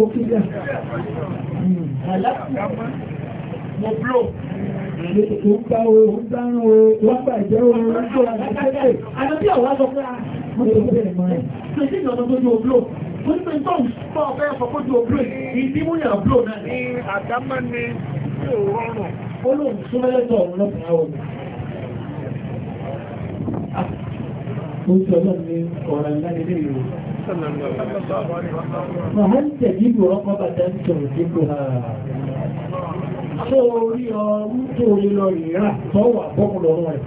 mo fi dà àlápù mo blò Ètò ń gbá oó, ń dáná oó, wọ́n gbà ìjẹ́ oó, ń tó ra ṣẹ́kẹ́. Àjọ bí ọ̀wá sọ pé a, mo ti bẹ̀rẹ̀ mọ́ ẹ̀. Ṣé sí ìjọba tó ní oblò? Mo ní pé tó ń fọ́ ọ̀fẹ́ ọ̀fọ́kójú oblò yìí, ìdí mú yàn oblò náà. Ní àdámọ́ ni ó rọrùn. Ó lóun súnmọ́lẹ́tọ̀ ọ̀run lọ́kùnrin فهل تجيب رقبة تمسكها sórí ọrún tó lè lọ ìrà tó wà bọ́kùn lọ́rún ẹ̀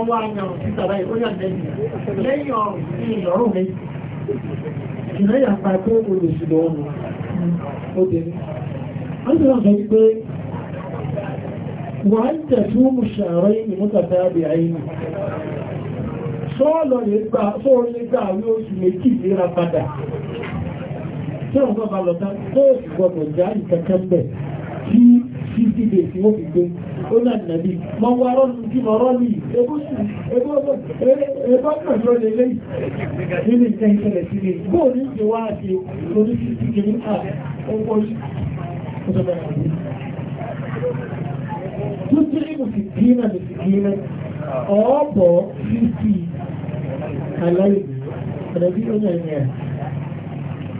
ọwọ́ àyàn títà láì ó yà lẹ́yìn lẹ́yìn ọrùn sí ìlọ́rùn mi ìrìnlẹ́yà pa pé olùsìlò ọrùn ó dẹ̀rí wọ́n ti rán sọ wípé sọ́ọ̀lọ̀ lè gbà sóòrùn lè gbà àwọn oṣù méjì léra padà tí wọ́n bá lọ́ta kóòsì gbọdọ̀ já ìkẹ́kẹ́ mẹ́ tí títí dè tí wọ́n fi gbé ó náà nàbí mọ́ wá rọ́nù tí mọ́ rọ́nù yìí ẹgbọ́n ló lè lé nínú ìtẹ́ ìṣẹ̀lẹ̀ sí lè gbóò ní ìṣẹ́ wá àti orí títí dè ní à ọgbọ́n yìí tó tẹ́lẹ̀ kò sì kí náà lè sì kí náà ọ̀ọ́bọ̀ títí aláìní ọ̀dọ̀ bí ó yẹn yẹn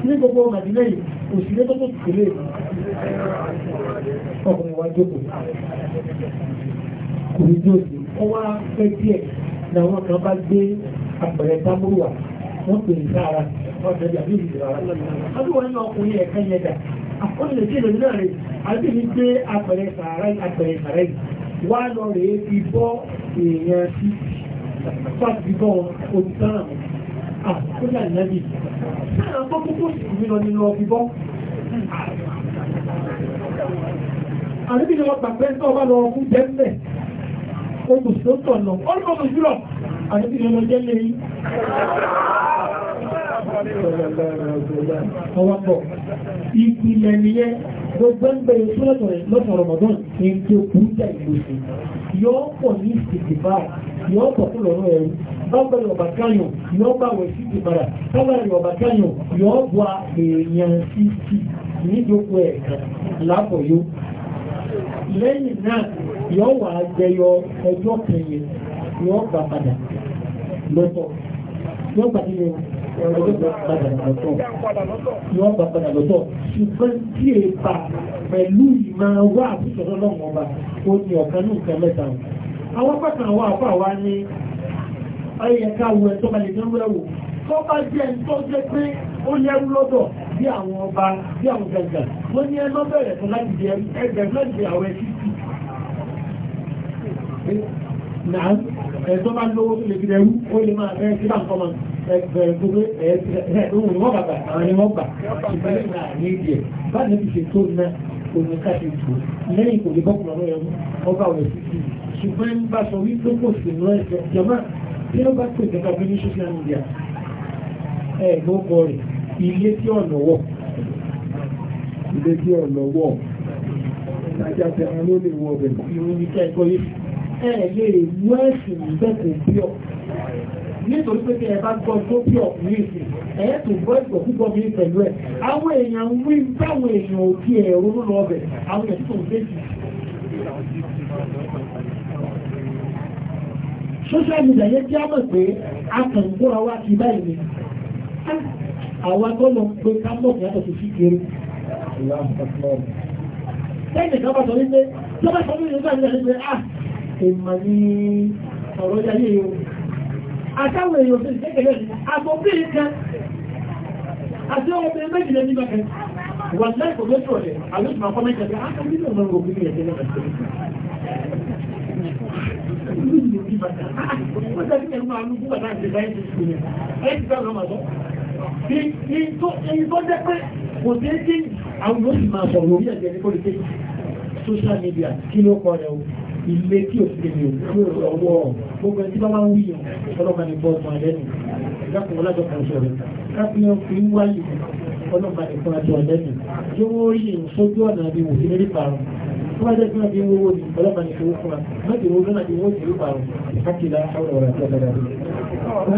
ní gbogbo màdílẹ̀ òṣìlẹ̀ tó tó lè ọkùnrin wa jókòó kò ní jókòó ó wá pẹ́ díẹ̀ làwọn kan bá gbé àpẹẹrẹ tábúrú wa wọ́n pè ní sára wọ́n tẹ̀lé àbí ìdìbò ara adúgbò nínú ọkùnrin ẹ̀ka yẹn dà àkọsílẹ̀ tí ìlòmí náà rè àbí mi gbé àpẹẹrẹ sàárẹ̀ àpẹẹrẹ sàárẹ̀ wá lọ rèé fásitìkọ́ òtítàn àkókò àìlẹ́bì sáà tó kókó sì mí lọ nínú ọfibọ́ àríbí ni wọ́n gbàgbé tó ọba lọ fún jẹ́ńbẹ̀ oògùn tó tọ̀ lọ ọlọ́run jùlọ àríbí ni wọ́n jẹ́ lẹ́yìn ọwọ́ pọ̀ ìpìlẹ̀ nìyẹn gbogbo ń bẹ̀rẹ̀ sọ́lọ̀tọ̀ rẹ̀ lọ́tọ̀ rọmọdún ní tí ó kúrú jẹ́ ìlú sí yóò pọ̀ ní ìsìnkìbá yóò pọ̀ fún lọ́rọ̀ ẹ̀rú bọ́gbà yọ̀bà káyọ̀ yóò bá wẹ̀ sí ìbára bọ́gbà yọ̀bà káyọ̀ yóò wà èèyàn sí sí nídòkó ẹ̀ka lápọ̀ yóò lẹ́yìn náà yóò wà jẹyọ ẹjọ́ kẹyìn yóò gbà padà lọ́tọ̀ yóò gbà nínú ọ̀rọ̀ ló bá padà lọ́tọ̀ yóò bá padà lọ́tọ̀ ṣùgbọ́n tí è bá pẹ̀lú ìmọ̀ wá àbúṣọ̀rọ̀ lọ́wọ́ ọba ó ní ọ̀kan ní nǹkan mẹ́ta àwọn pàtàkì àwọn àpá wa ní ayẹyẹká wo ẹ̀ tó bá lè dánwẹ́ wò tó bá jẹ́ tó jẹ́ pé ó lẹ́rú lọ́dọ̀ bí àwọn ọba bí àwọn gàgà wọ́n ní ẹmọ́ bẹ̀rẹ̀ fún láti jẹ ẹgbẹ̀rún láti jẹ àwọn ẹ̀sí náà ẹ̀tọ́ bá lówó tó lè fi rẹrú ó lè máa rẹ̀ sí báńkọ́ ma ẹgbẹ̀rẹ̀ tó gbé ẹ̀ẹ́dùn wọ́n bàbà àwọn ni wọ́n gbà ìgbẹ̀rẹ̀ náà ní ìdíẹ̀ bá ní fi ṣètò náà òun káṣí ìtò lẹ́yìn kò lè bọ́kùn lọ́rọ̀ ẹ̀rú ọba ọ̀rẹ́ sí ti ṣùgbọ́n ń bá sọ wí tó kò sí lọ ẹ̀sẹ̀ jọba tí ó bá pè jọba bí ní social media ẹ̀ gbogbo rẹ̀ ilé tí ọ̀nà wọ̀ ilé tí ọ̀nà wọ̀ ìtajà tẹ̀ràn ló lè wọ̀ ọ̀bẹ̀ ìròyìn kẹ́kọ̀ọ́ yìí ẹ̀lẹ́ ìlú ẹ̀sìn ìgbẹ́kùn píọ̀ nítorí pé kí ẹ gbọ́ tó píọ̀ ní ìsìn ẹ̀yẹ́ tó gbọ́ ìgbọ̀ púpọ̀ ní pẹ̀lú ẹ̀ àwọn èèyàn wí báwọn èèyàn ò kí ẹ̀ ọbẹ̀ àwọn èèyàn tó ń fèsì social media yẹ kí a mọ̀ pé a kàn gbọ́ra wá kí báyìí ni àwọn akọ́lọ̀ pé ìjọba sọ wípé lọ́bàá sọ wípé ah, ṣe mọ̀ ní ọ̀rọ̀ ayé yóò àtàwọn èèyàn tó ṣe kẹ̀lẹ̀ àgbòbí kan àti ọmọbìnrin méjìlẹ̀ ní bẹ̀rẹ̀ wà láì kò mẹ́tò rẹ̀ àlóṣùmọ̀ akọ́ mẹ́jọ pé ákọ́ nínú ọmọ òbí rẹ̀ jẹ́ lọ́pàá Social media kí ló kọ́ rẹ̀ o? ilé tí ò fi lè lò ní ọwọ́ gbogbo ẹni tí bá máa ń wíyàn ọlọ́pàá ní bọ́ọ̀mù alẹ́nu ìdákùn ọlájọ kan sọ̀rọ̀ káfíńyàn fi ń wáyé ọlọ́pàá ní fún ajọ alẹ́nu tí wọ́n rí ìrìn sójú ọ̀nà àbí wò sí mérí parun tó bá jẹ́ kí wọ́n fi ń wówó ní ọlọ́pàá ní fi wó fún wa mẹ́tìrì owó lọ́nà tí wọ́n ti rí parun